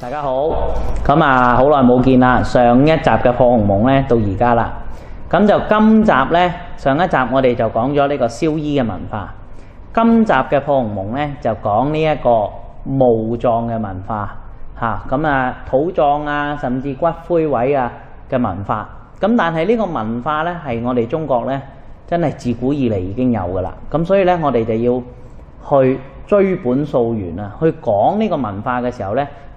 大家好，咁啊，好耐冇見啦。上一集嘅破鴻蒙咧，到而家啦。咁就今集咧，上一集我哋就講咗呢個燒衣嘅文化。今集嘅破鴻蒙咧，就講呢一個墓葬嘅文化，吓咁啊，土葬啊，甚至骨灰位啊嘅文化。咁但係呢個文化咧，係我哋中國咧，真係自古以嚟已經有噶啦。咁所以咧，我哋就要去追本溯源啊，去講呢個文化嘅時候咧。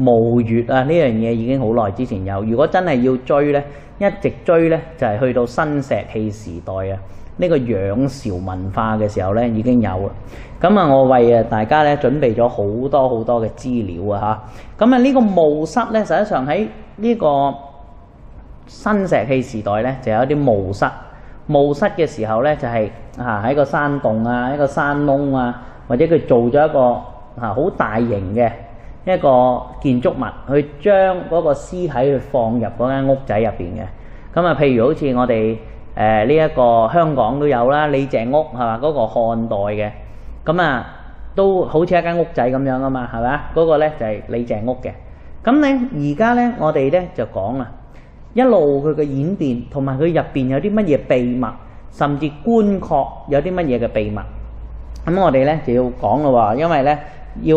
墓穴啊，呢樣嘢已經好耐之前有。如果真係要追呢，一直追呢，就係去到新石器時代啊，呢個仰韶文化嘅時候呢，已經有咁啊，我為啊大家呢準備咗好多好多嘅資料啊嚇。咁啊，呢個墓室呢，實際上喺呢個新石器時代呢，就有一啲墓室。墓室嘅時候呢，就係啊喺個山洞啊，一個山窿啊，或者佢做咗一個啊好大型嘅。一個建築物，去將嗰個屍體去放入嗰間屋仔入邊嘅。咁啊，譬如好似我哋誒呢一個香港都有啦，李鄭屋係嘛，嗰個漢代嘅。咁啊，都好似一間屋仔咁樣啊嘛，係咪啊？嗰個咧就係李鄭屋嘅。咁咧而家咧，我哋咧就講啦，一路佢嘅演變，同埋佢入邊有啲乜嘢秘密，甚至棺槨有啲乜嘢嘅秘密。咁我哋咧就要講咯喎，因為咧要。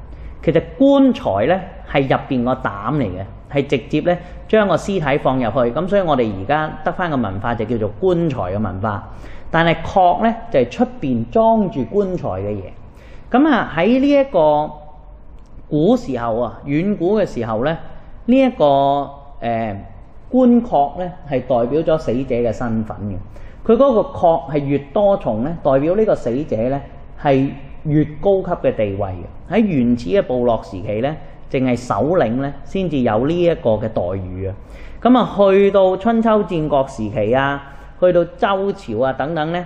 其實棺材咧係入邊個膽嚟嘅，係直接咧將個屍體放入去，咁所以我哋而家得返個文化就叫做棺材嘅文化。但係槨咧就係出邊裝住棺材嘅嘢。咁啊喺呢一個古時候啊遠古嘅時候咧，這個呃、呢一個誒棺槨咧係代表咗死者嘅身份嘅。佢嗰個槨係越多重咧，代表呢個死者咧係。是越高級嘅地位嘅，喺原始嘅部落時期呢，淨係首領呢先至有呢一個嘅待遇啊！咁啊，去到春秋戰國時期啊，去到周朝啊等等呢，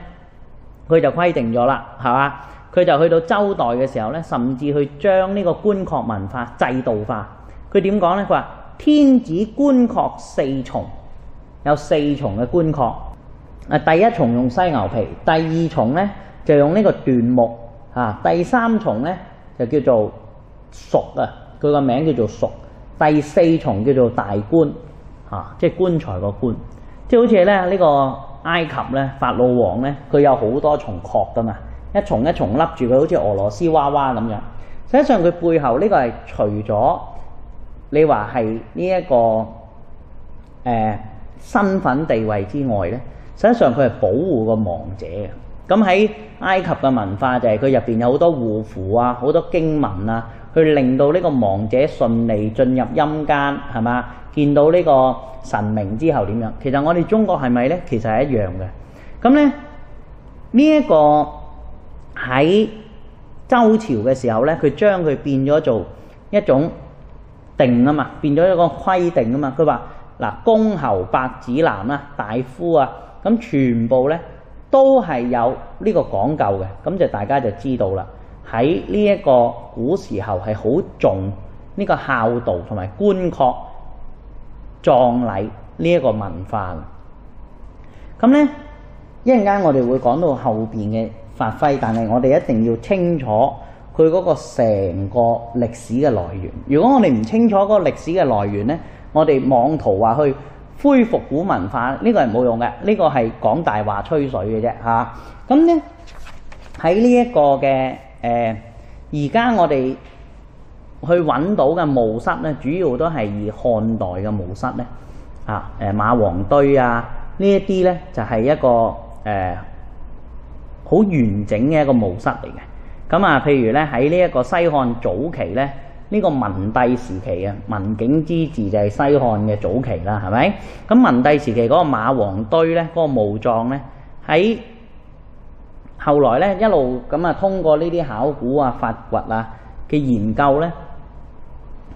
佢就規定咗啦，係嘛？佢就去到周代嘅時候呢，甚至去將呢個棺槨文化制度化。佢點講呢？佢話天子棺槨四重，有四重嘅棺槨。第一重用犀牛皮，第二重呢就用呢個椴木。啊，第三重咧就叫做屬啊，佢個名叫做屬。第四重叫做大棺，啊，即係棺材個棺，即好似咧呢、呢個埃及咧法老王咧，佢有好多重殼噶嘛，一重一重笠住佢，好似俄羅斯娃娃咁樣。實際上佢背後呢個係除咗你話係呢一個、呃、身份地位之外咧，實際上佢係保護個亡者嘅。咁喺埃及嘅文化就係佢入邊有好多護符啊，好多經文啊，去令到呢個亡者順利進入陰間，係嘛？見到呢個神明之後點樣？其實我哋中國係咪呢？其實係一樣嘅。咁呢呢一個喺周朝嘅時候呢，佢將佢變咗做一種定啊嘛，變咗一個規定啊嘛。佢話嗱，公侯伯子男啊，大夫啊，咁全部呢。都係有呢個講究嘅，咁就大家就知道啦。喺呢一個古時候係好重呢個孝道同埋棺槨葬禮呢一個文化。咁呢一陣間我哋會講到後邊嘅發揮，但係我哋一定要清楚佢嗰個成個歷史嘅來源。如果我哋唔清楚嗰個歷史嘅來源呢，我哋妄圖話去。恢復古文化呢個係冇用嘅，呢個係講大話吹水嘅啫嚇。咁呢喺呢一個嘅誒，而家我哋去揾到嘅墓室呢，主要都係以漢代嘅墓室呢。啊，誒馬王堆啊呢一啲呢，就係一個誒好完整嘅一個墓室嚟嘅。咁啊，譬如呢，喺呢一個西漢早期呢。呢個文帝時期啊，文景之治就係西漢嘅早期啦，係咪？咁文帝時期嗰個馬王堆咧，嗰個墓葬咧，喺後來咧一路咁啊，通過呢啲考古啊、發掘啊嘅研究咧，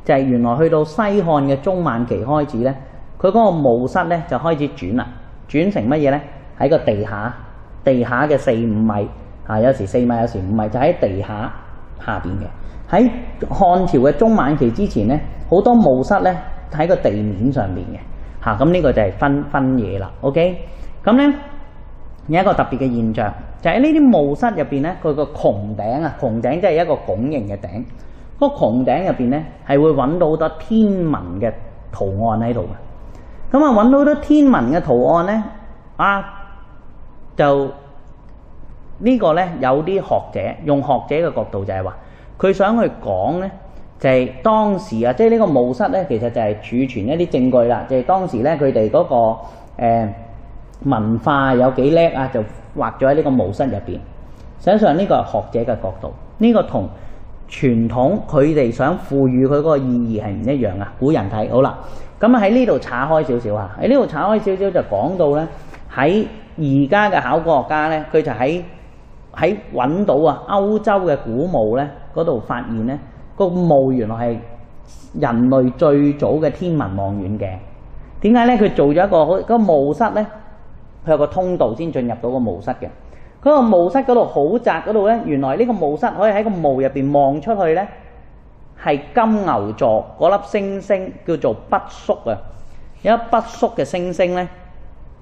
就係原來去到西漢嘅中晚期開始咧，佢嗰個墓室咧就開始轉啦，轉成乜嘢咧？喺個地下，地下嘅四五米啊，有時四米，有時五米，就喺地下。下邊嘅。喺漢朝嘅中晚期之前咧，好多墓室咧喺個地面上邊嘅嚇，咁、啊、呢個就係分分嘢啦。OK，咁咧有一個特別嘅現象，就喺、是、呢啲墓室入邊咧，佢個穹頂啊，穹頂即係一個拱形嘅頂，個穹頂入邊咧係會揾到好多天文嘅圖案喺度嘅。咁啊揾到好多天文嘅圖案咧啊就呢個呢，有啲學者用學者嘅角度就係話，佢想去講呢，就係當時啊，即係呢個墓室呢，其實就係儲存一啲證據啦，就係當時呢，佢哋嗰個、呃、文化有幾叻啊，就畫咗喺呢個墓室入面。想像呢個係學者嘅角度，呢個同傳統佢哋想賦予佢嗰個意義係唔一樣啊！古人睇好啦，咁喺呢度拆開少少啊，喺呢度拆開少少就講到呢，喺而家嘅考古學家呢，佢就喺。喺揾到啊，歐洲嘅古墓咧，嗰度發現咧，個墓原來係人類最早嘅天文望遠鏡。點解咧？佢做咗一個好嗰個墓室咧，佢有個通道先進入到個墓室嘅。嗰個墓室嗰度好窄嗰度咧，原來呢個墓室可以喺個墓入邊望出去咧，係金牛座嗰粒星星叫做畢宿啊。有粒畢宿嘅星星咧，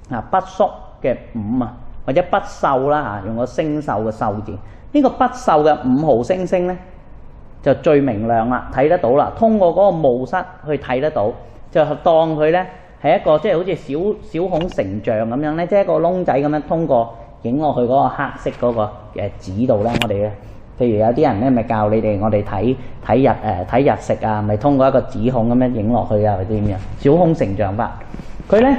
啊畢宿嘅五啊。或者不秀啦嚇，用個星秀嘅秀字，呢、這個不秀嘅五毫星星咧，就最明亮啦，睇得到啦，通過嗰個模式去睇得到，就當佢咧係一個即係好似小小孔成像咁樣咧，即係一個窿仔咁樣通過影落去嗰個黑色嗰個誒紙度咧，我哋咧譬如有啲人咧咪教你哋我哋睇睇日誒睇、呃、日食啊，咪通過一個紙孔咁樣影落去啊，或者點樣小孔成像法，佢咧。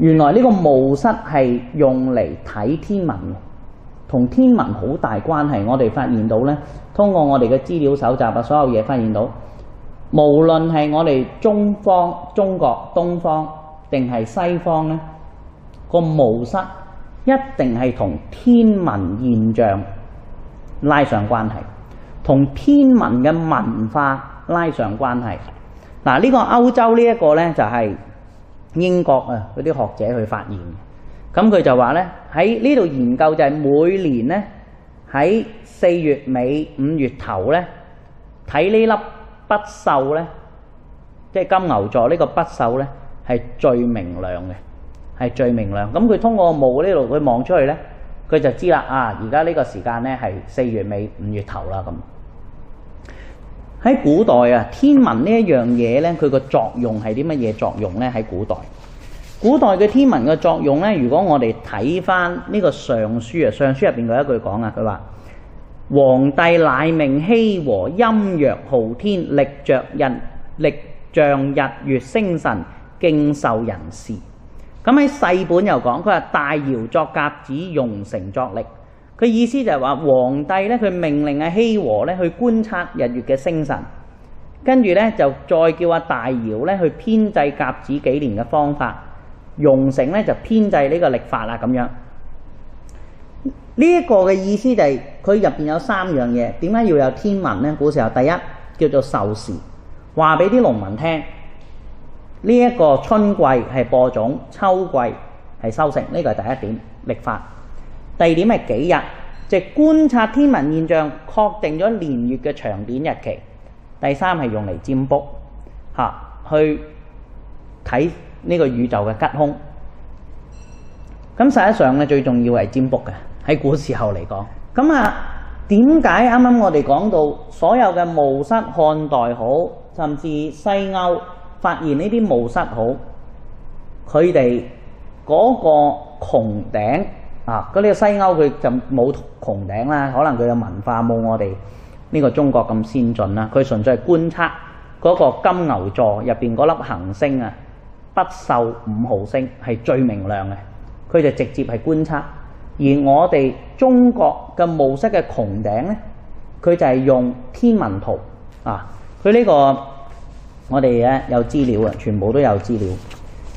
原來呢個墓室係用嚟睇天文嘅，同天文好大關係。我哋發現到呢，通過我哋嘅資料搜集啊，所有嘢發現到，無論係我哋中方、中國、東方定係西方呢，呢個墓室一定係同天文現象拉上關係，同天文嘅文化拉上關係。嗱，呢個歐洲呢一個呢，就係、是。英國啊，嗰啲學者去發現嘅，咁佢就話咧，喺呢度研究就係每年咧，喺四月尾五月頭咧睇呢粒畢宿咧，即係金牛座呢個畢宿咧係最明亮嘅，係最明亮。咁佢通過望呢度，佢望出去咧，佢就知啦啊！而家呢個時間咧係四月尾五月頭啦咁。喺古代啊，天文呢一樣嘢呢，佢個作用係啲乜嘢作用呢？喺古代，古代嘅天文嘅作用呢，如果我哋睇翻呢個尚書《尚書》啊，《尚書》入邊嗰一句講啊，佢話：皇帝乃命羲和，陰若昊天，力著日，力象日月星辰，敬受人事。咁喺《世本》又講，佢話大姚作甲子，容成作曆。」佢意思就係話皇帝咧，佢命令阿、啊、羲和咧去觀察日月嘅星辰，跟住咧就再叫阿大堯咧去編制甲子幾年嘅方法，容成咧就編制呢個曆法啦咁樣。呢一個嘅意思就係佢入邊有三樣嘢，點解要有天文咧？古時候第一叫做授時，話俾啲農民聽，呢、這、一個春季係播種，秋季係收成，呢、這個係第一點曆法。第二點係幾日，即、就、係、是、觀察天文現象，確定咗年月嘅長短日期。第三係用嚟占卜嚇、啊，去睇呢個宇宙嘅吉凶。咁實際上咧，最重要係占卜嘅喺古時候嚟講。咁啊，點解啱啱我哋講到所有嘅墓室漢代好，甚至西歐發現呢啲墓室好，佢哋嗰個穹頂？啊！嗰、那、啲、個、西歐佢就冇穹頂啦，可能佢嘅文化冇我哋呢個中國咁先進啦。佢純粹係觀察嗰個金牛座入邊嗰粒行星啊，畢宿五號星係最明亮嘅，佢就直接係觀察。而我哋中國嘅模式嘅穹頂咧，佢就係用天文圖啊！佢呢、這個我哋咧、啊、有資料啊，全部都有資料。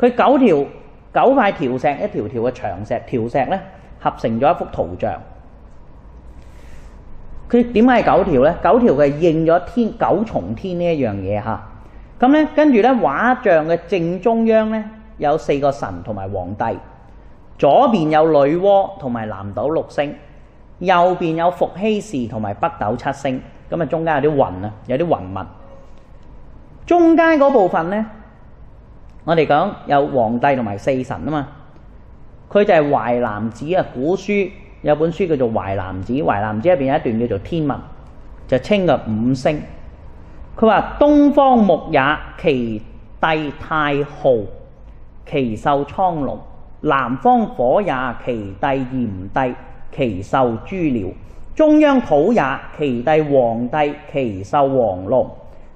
佢九條九塊條石，一條條嘅長石條石咧，合成咗一幅圖像。佢點解係九條咧？九條佢係應咗天九重天呢一樣嘢嚇。咁咧，跟住咧，畫像嘅正中央咧，有四個神同埋皇帝。左邊有女媧同埋南斗六星，右邊有伏羲氏同埋北斗七星。咁啊，中間有啲雲啊，有啲雲紋。中間嗰部分咧。我哋講有皇帝同埋四神啊嘛，佢就係淮南子啊，古書有本書叫做淮南子，淮南子入邊有一段叫做天文，就稱嘅五星。佢話東方木也，其帝太昊，其獸蒼龍；南方火也，其帝炎帝，其獸朱鳥；中央土也，其帝黃帝，其獸黃龍。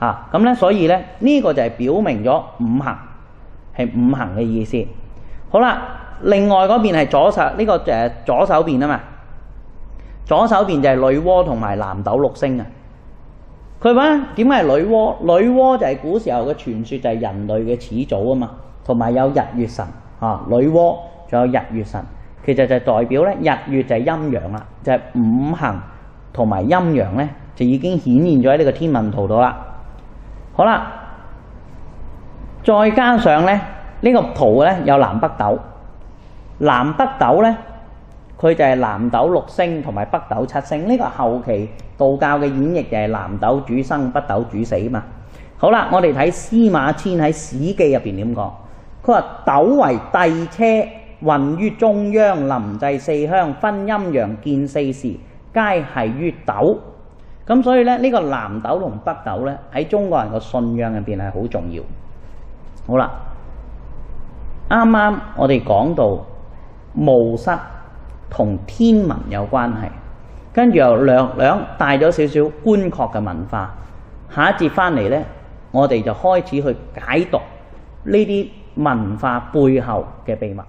嚇咁咧，所以咧呢個就係表明咗五行係五行嘅意思。好啦，另外嗰邊係左手呢個就係左手邊啊嘛，左手邊就係女媧同埋南斗六星啊。佢話點解係女媧？女媧就係古時候嘅傳説，就係人類嘅始祖啊嘛。同埋有日月神啊，女媧仲有日月神，其實就代表咧日月就係陰陽啦，就係五行同埋陰陽咧，就已經顯現咗喺呢個天文圖度啦。好啦，再加上咧，呢個圖咧有南北斗，南北斗咧，佢就係南斗六星同埋北斗七星。呢個後期道教嘅演繹就係南斗主生，北斗主死嘛。好啦，我哋睇司馬遷喺《史記》入邊點講，佢話斗為帝車，運於中央，臨制四鄉，分陰陽，建四時，皆繫於斗。咁所以咧，呢、這個南斗同北斗咧，喺中國人個信仰入邊係好重要。好啦，啱啱我哋講到巫術同天文有關係，跟住又兩兩帶咗少少棺槨嘅文化。下一節翻嚟咧，我哋就開始去解讀呢啲文化背後嘅秘密。